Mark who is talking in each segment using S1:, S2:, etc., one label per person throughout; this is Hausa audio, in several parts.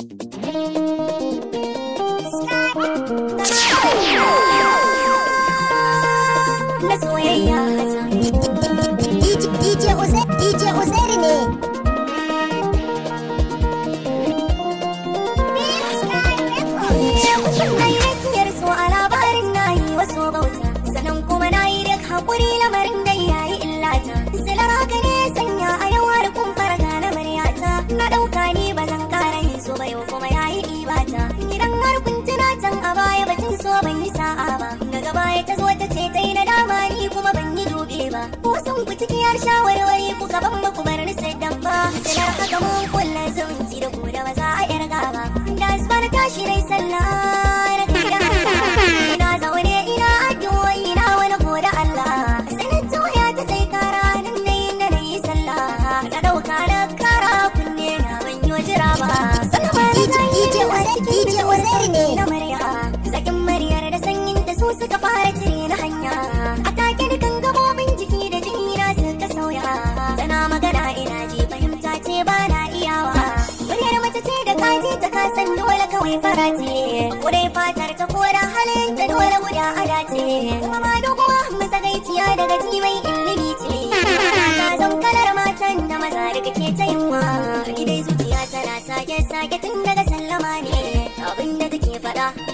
S1: Scott.
S2: shawarwari ku gaban ku bar ni sai dan ba sanar haka mun kullu zumunci da ku da ba za a yarga ba da isbar tashi dai sallah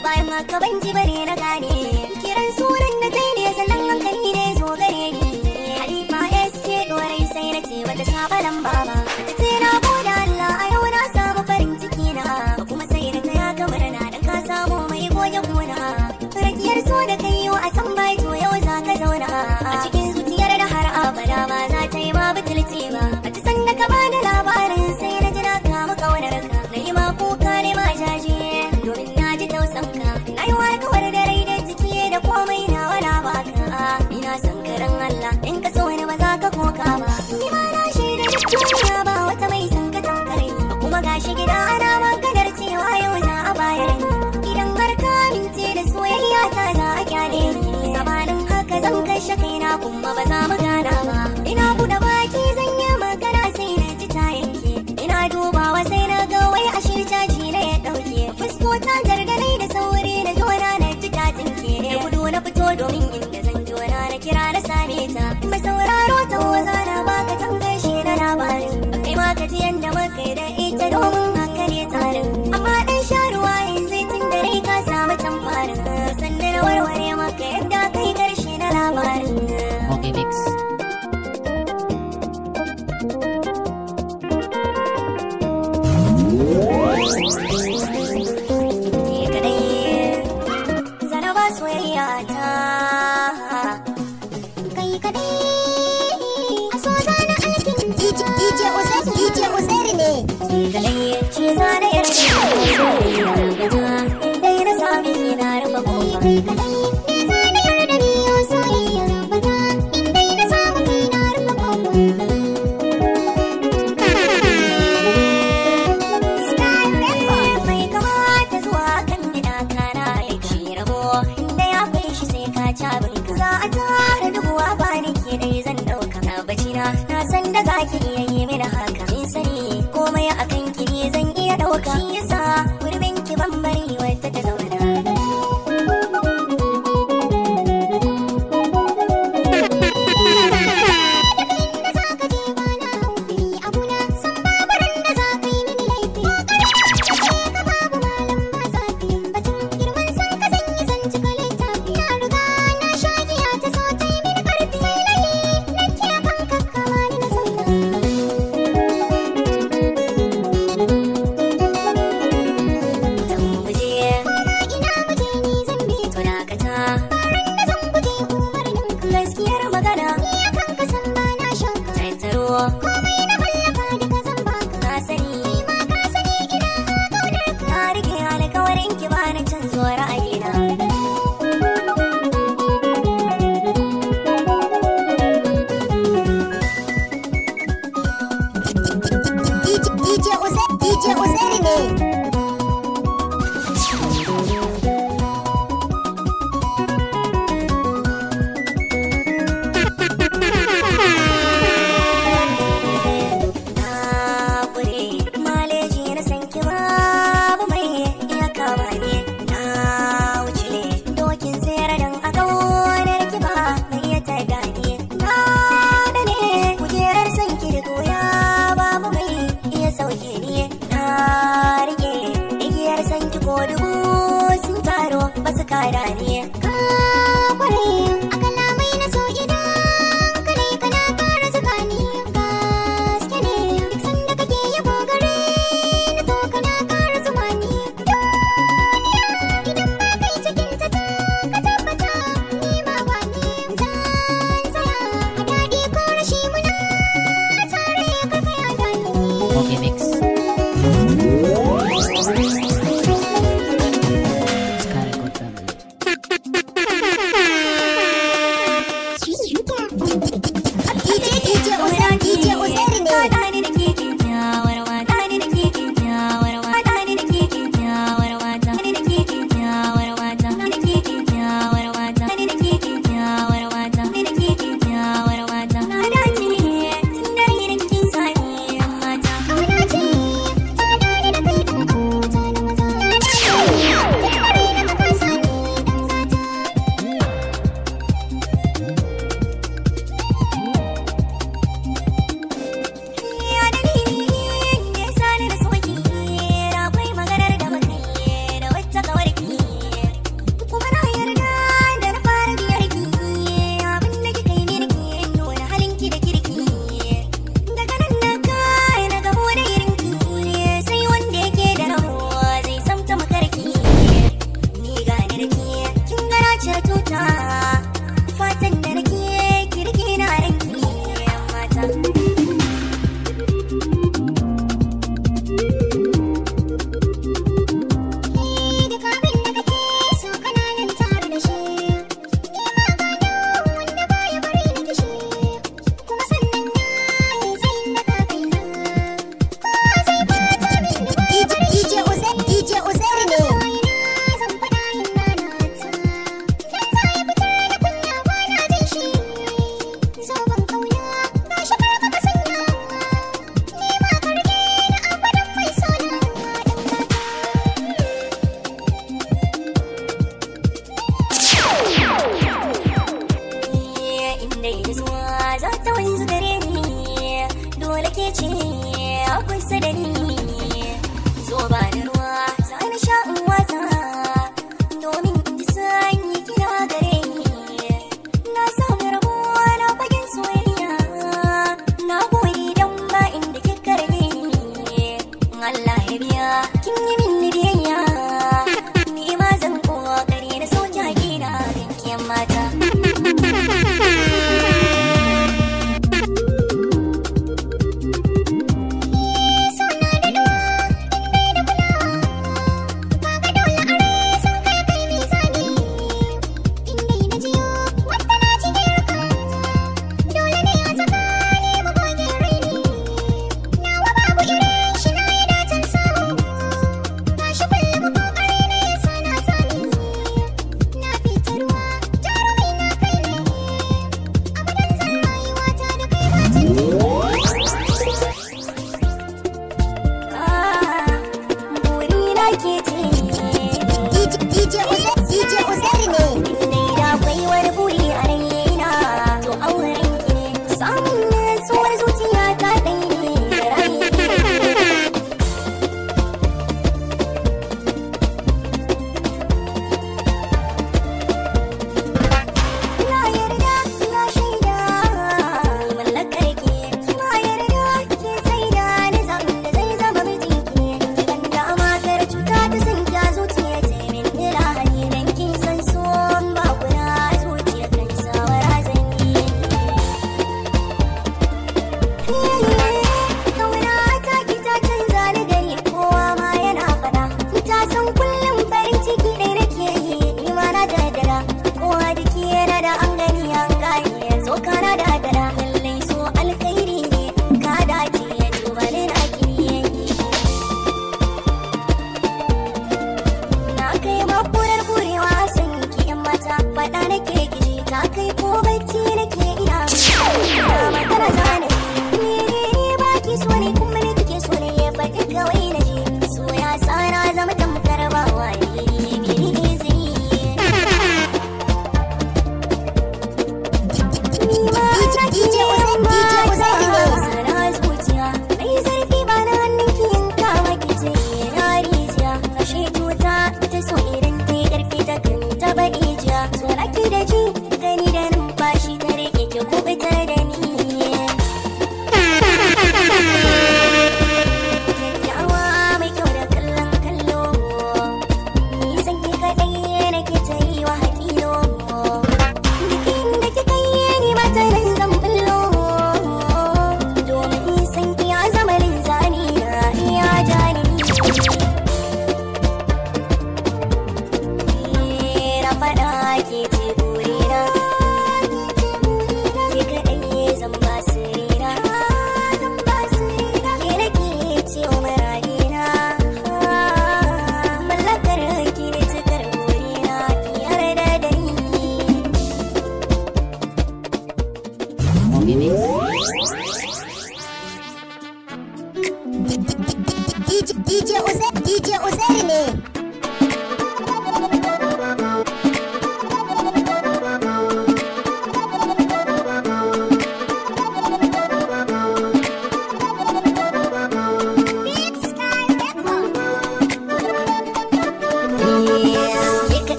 S2: bayan haka ban ji bare na gane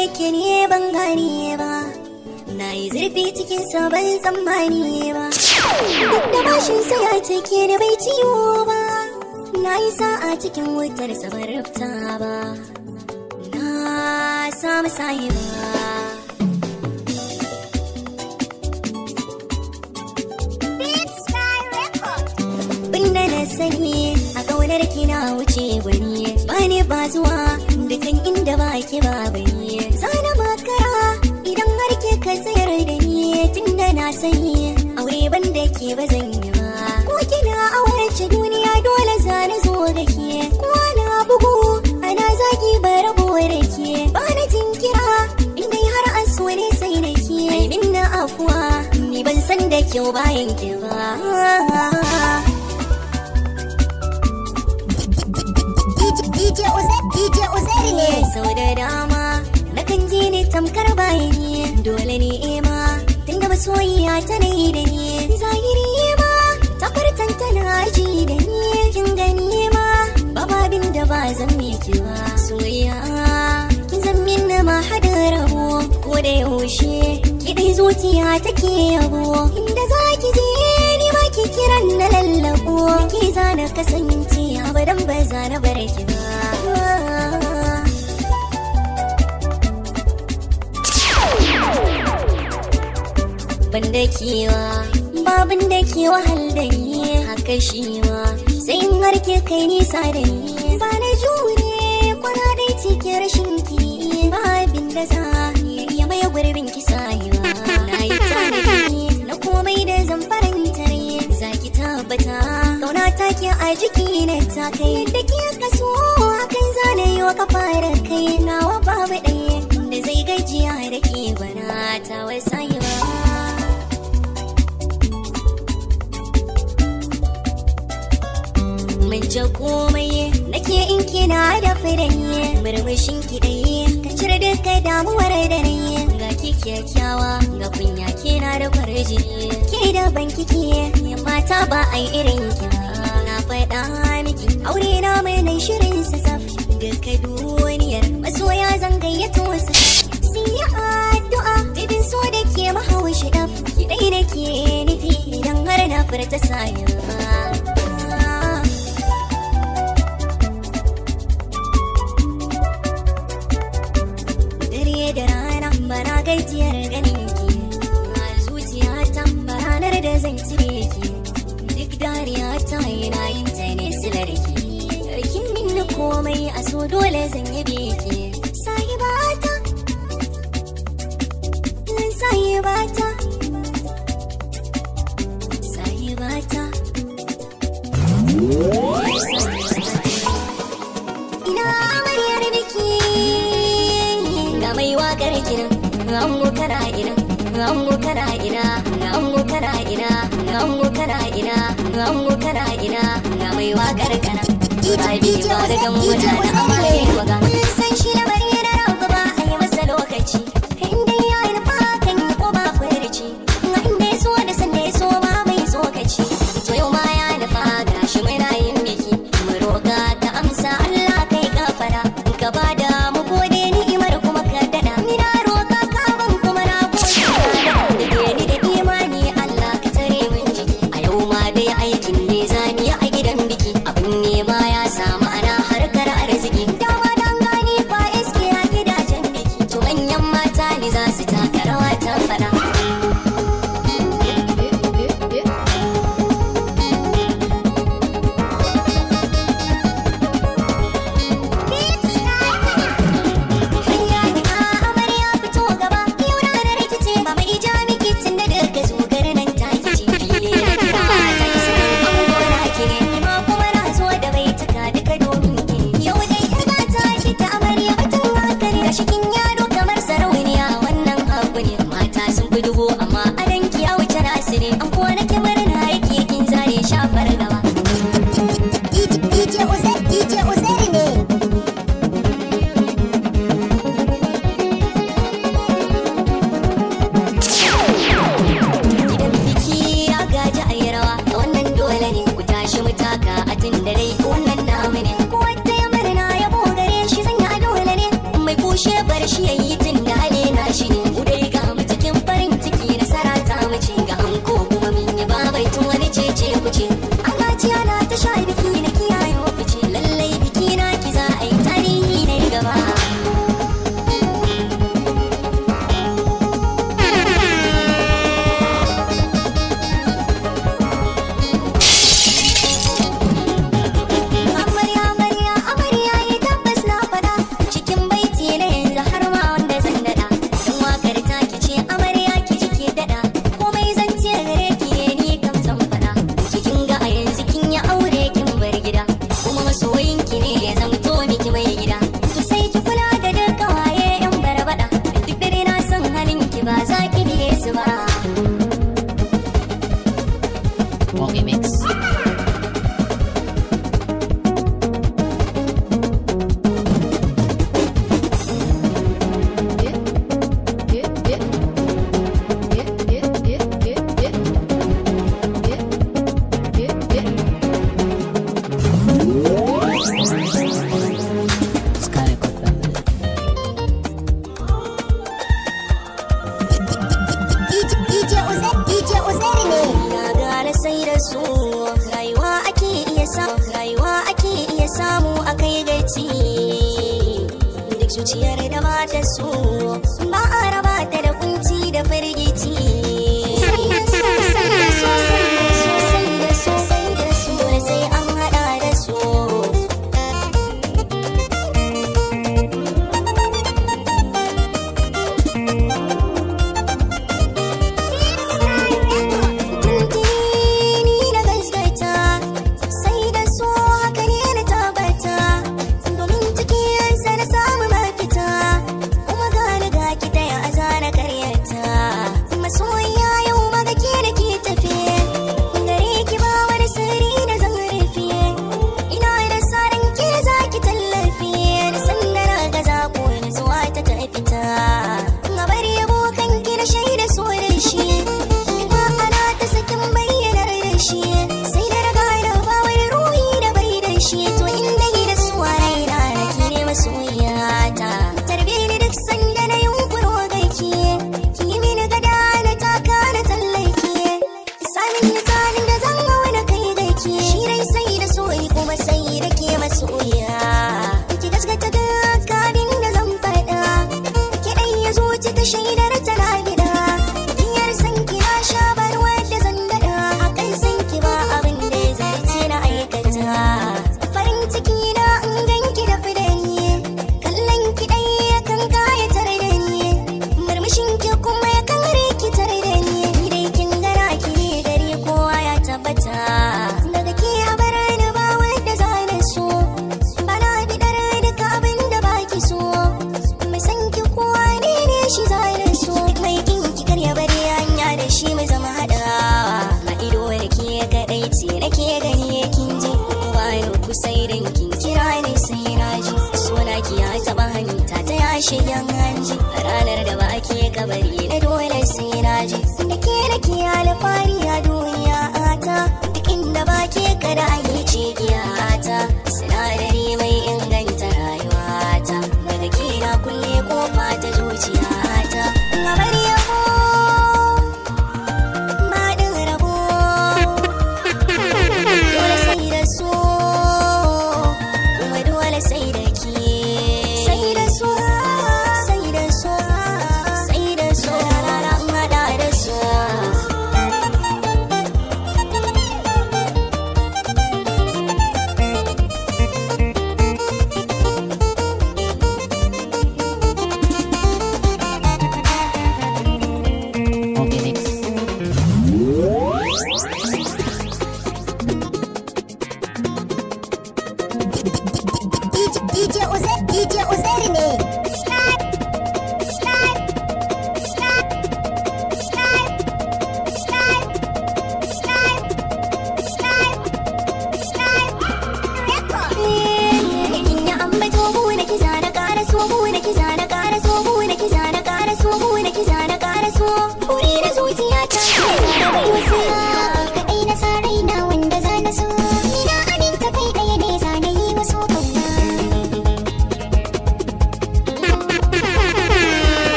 S2: yake ne eh, ban gane ba na yi zurfi cikin sabon tsammani ba duk da bashin sai a take da bai ciwo ba na yi sa'a cikin wutar saman rufta ba na samu sayi ba sani a ƙaunar kina wuce gwani. ba ne ba zuwa dukan inda ba ke ba sani aure ban dake ke ba zan yi ba ko kina awarce duniya dole zane zo da ke ko na bugu ana zagi ba rabo da ke ba na jinkira in har an so ne sai da ke min na afuwa ni ban san da kyau bayan ki ba DJ Uzair DJ ne sau da dama kan je ne tamkar bayani dole ne ema soyayya ta yi da ni zahiri ma Ta tana aji da ni kin gani ma bababin da ba zan miki ba soyayya ki zan min na ma hada rabo ko da yaushe ki dai zuciya take yabo inda za ki je ni ma ki kiran na lallabo ki zana kasance abadan ba zana ki ba ban da kewa babin da ke wahal da ni haka shi ma sai in harke kai nisa da ni ba na jure kwana dai cikin rashin ki babin da za ya maye mai gurbin ki na yi tanadi na komai da zan faranta za ki tabbata kauna ta ke a jiki na ta kai yadda ke kaso hakan zane yi wa kafa da kai nawa babu ɗaya da zai gajiya da ke bana ta wasa da komai nake in kina da furanni murmushin ki dai ka cire duka damuwar da nake ga ki kyakkyawa ga kunya kina da kwarji ke da banki ki mata ba ai irin ki na faɗa miki aure na mai nan shirin sa saf duka duniyar masoya zan gayyato su. sai ya addu'a bibin so da ke mahawashi daf ki dai nake nufi idan har na furta sayan bana gaijiyar ganin ki na zuciya ta ranar da zan cire ki duk dariya ta yana yin ta ne silar ki kin min komai a so dole zan yi ki zango kana ina na mai wakar kana ba daga mu na amare magana yeah,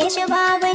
S2: deixa eu